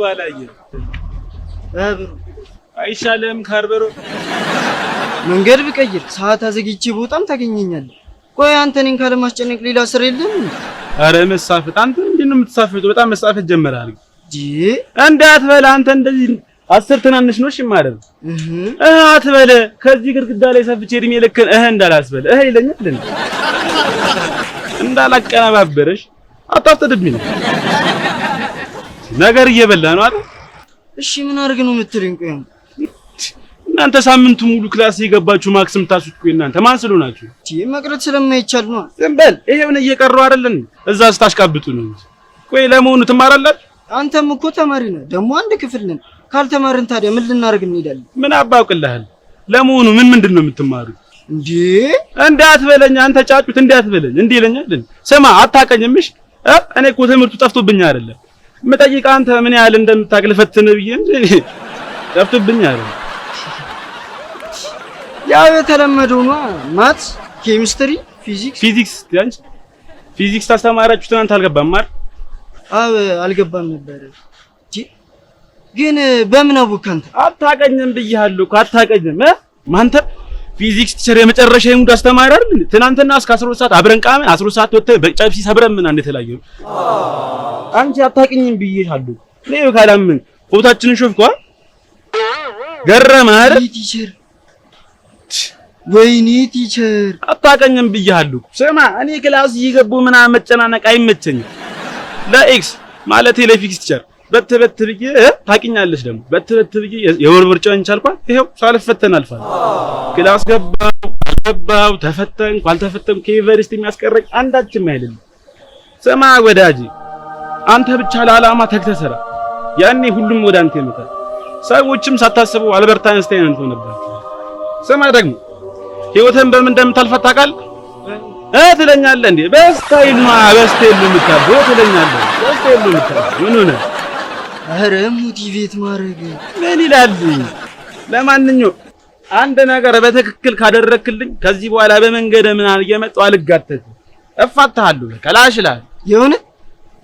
ሲገባ አላየህ? አብሮ አይሻልም? ካርበሮ መንገድ ብቀይር ሰዓት አዘግቼ በጣም ታገኘኛል። ቆይ አንተ እኔን ካለማስጨነቅ ሌላ ስር የለም? አረ መሳፍጥ፣ አንተ እንዴት ነው የምትሳፍጥ? በጣም መሳፈጥ ጀመራል ጂ እንዳትበላ አንተ እንደዚህ አስር ትናንሽ ነው እሺ ማለት እህ አትበለ ከዚህ ግድግዳ ላይ ሰፍቼ እድሜ ልክን እህ እንዳላስበለ እህ ይለኛል እንዴ? አጣፍተ አታፍጥድብኝ ነው ነገር እየበላ ነው አይደል? እሺ ምን አድርግ ነው የምትሉኝ? ቆይ እናንተ ሳምንቱ ሙሉ ክላስ የገባችሁ ማክስ የምታሱት ቆይ እናንተ ማን ስለሆናችሁ? መቅረት ስለማይቻል ነው። ዝም በል ይሄውን እየቀረው አይደለን እዛ ስታሽቃብጡ ነው። ቆይ ለመሆኑ ትማራላችሁ? አንተም እኮ ተማሪ ነህ፣ ደግሞ አንድ ክፍል ነን። ካልተማርን ታዲያ ምን ልናደርግ እንሄዳለን? ምን አባውቅልሃል። ለመሆኑ ምን ምንድን ነው የምትማሩት? እንዴ እንዳትበለኝ አንተ ጫጩት፣ እንዳትበለኝ። እንዴ ይለኛል። ስማ አታቀኝምሽ። እኔ እኮ ትምህርቱ ጠፍቶብኝ አይደለም መጠይቃ አንተ ምን ያህል እንደምታቅልፈትን ብዬ ጠፍቶብኛል። ያው የተለመደው ነው። ማት፣ ኬሚስትሪ፣ ፊዚክስ ፊዚክስ ያንቺ ፊዚክስ ታስተማራችሁ ትናንት አልገባም ማር አብ አልገባም ነበር ግን በምን አወቅ አንተ? አታቀኝም ብያለሁ እኮ አታቀኝም። ማንተ ፊዚክስ ቲቸር የመጨረሻ ይሙድ አስተማሪ አይደል? ትናንትና እስከ 12 ሰዓት አብረን ቃመ 12 ሰዓት ወጥተህ በጨብሲ ሰብረን ምን አንድ የተለያየ አንቺ አታውቂኝም ብዬሻለሁ። ለይው ካላምን ፎታችንን ሾፍኳ ገረመህ አይደል? ቲቸር ወይኔ ቲቸር አታውቀኝም ብዬሃለሁ። ስማ እኔ ክላስ እየገቡ ምናምን መጨናነቅ አይመቸኝም። ለኤክስ ማለቴ ለፊክስ ቲቸር በት በት ብዬ ታቂኛለሽ ደግሞ በት በት ብዬ የወር ምርጫን ቻልኳል። ይሄው ሳልፈተን አልፋል። ክላስ ገባው አልገባው ተፈተንኩ አልተፈተንኩ ከዩኒቨርሲቲ የሚያስቀረኝ አንዳችም አይደለም። ስማ ወዳጅ፣ አንተ ብቻ ለዓላማ ተግተህ ስራ። ያኔ ሁሉም ወደ አንተ ይመጣል። ሰዎችም ሳታስበው አልበርት አንስታይን አንተ ነበር። ስማ ደግሞ ህይወትን በምን እንደምታልፋት ታውቃለህ እ ትለኛለህ እንዴ በስታይል ማ በስታይል ነው የምታልፈው ትለኛለህ። በስታይል ነው የምታልፈው ምን ሆነህ አረ ሞቲቬት ማድረግ ምን ይላል? ለማንኛውም አንድ ነገር በትክክል ካደረክልኝ ከዚህ በኋላ በመንገድ ምናምን እየመጣሁ አልጋተትም፣ እፋታሃለሁ። ከላሽ ላል የሆነ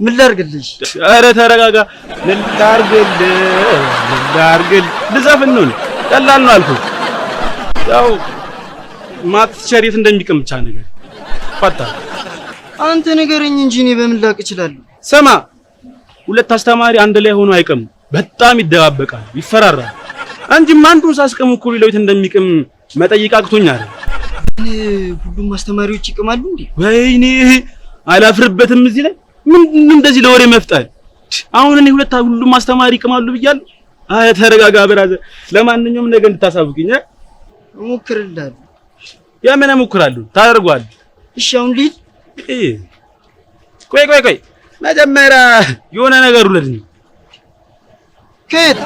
ምን ላርግልሽ? አረ ተረጋጋ። ምን ላድርግልህ? ምን ላድርግልህ? ልዘፍን ነው? ቀላል ነው አልኩ። ያው ማትቸሪት እንደሚቅም ብቻ ነገር ፈታ። አንተ ንገረኝ እንጂ እኔ በምን ላቅ እችላለሁ? ስማ ሁለት አስተማሪ አንድ ላይ ሆኖ አይቀሙ። በጣም ይደባበቃል፣ ይፈራራል እንጂም አንዱን ሳስቀሙ እኮ ሌላው የት እንደሚቅም መጠይቅ አቅቶኛል። ሁሉም አስተማሪዎች ይቅማሉ እንዴ? ወይኔ አላፍርበትም። እዚህ ላይ ምን እንደዚህ ለወሬ መፍጠር። አሁን እኔ ሁለት ሁሉም አስተማሪ ይቅማሉ ብያለሁ። አይ ተረጋጋ ብራዘር። ለማንኛውም ነገ እንድታሳውቅኝ እሞክርልሃለሁ። የምን እሞክራለሁ? ታደርጓል። እሺ አሁን ልሂድ። ቆይ ቆይ ቆይ መጀመሪያ የሆነ ነገር ውለድኝ። ከየት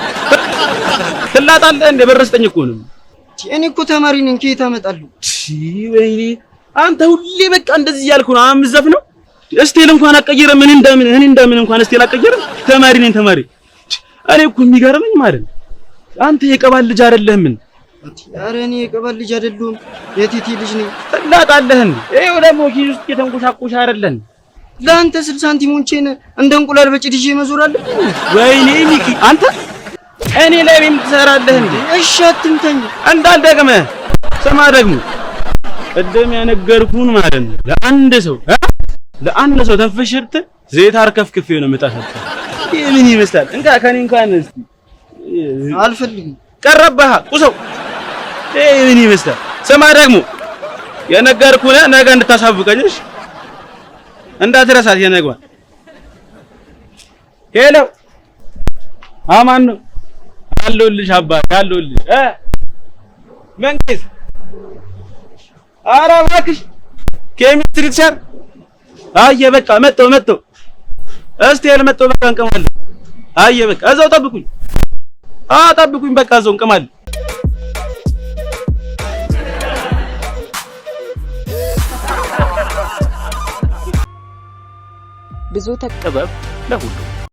ትላጣለህ? እንደ ብር ስጠኝ እኮ ነው። እኔ እኮ ተማሪ ነኝ፣ ከየት አመጣለሁ? ወይኔ አንተ ሁሌ በቃ እንደዚህ እያልኩ ነው። አምዘፍ ነው እስቴል እንኳን አቀየረ። ምን እንደምን እኔ እንደምን እንኳን እስቴል አቀየረ። ተማሪ ነኝ ተማሪ። እኔ እኮ የሚገርመኝ ማለት አንተ የቀባል ልጅ አይደለህም። ምን ኧረ እኔ የቀባል ልጅ አይደለሁም፣ የቲቲ ልጅ ነኝ። ትላጣለህን? ይኸው ደግሞ ኪስ ውስጥ የተንቆሻቆሻ አይደለህን ለአንተ ስል ሳንቲሞቼን እንደ እንቁላል በጭድ ይዤ መዞር አለብኝ? ወይኔ ሚኪ፣ አንተ እኔ ላይ ምን ትሰራለህ እንዴ? እሺ አትምተኝ፣ እንዳልደቅመህ ስማ። ደግሞ ቅድም ያነገርኩህን ማለት ነው ለአንድ ሰው ለአንድ ሰው ተፈሽርት ዘይት አርከፍክፍ ነው የምታፈጥ። ምን ይመስላል? እንካ ከኔ እንኳን እስቲ አልፈልግም። ቀረባህ ቁሰው። ምን ይመስላል? ስማ ደግሞ የነገርኩህን ነገ እንድታሳብቀኝ እሺ እንዳትረሳት የነገዋል። ሄሎ አማን ነው አለሁልሽ፣ አባት አለሁልሽ። እ መንግስት ኧረ እባክሽ ኬሚስትሪ ትሰር አየ በቃ መጣሁ መጣሁ። እስቲ ያልመጣሁ በቃ እንቅማለሁ። አየ በቃ እዛው ጠብቁኝ። አዎ ጠብቁኝ በቃ እዛው እንቅማለሁ። ብዙ ጥበብ ለሁሉ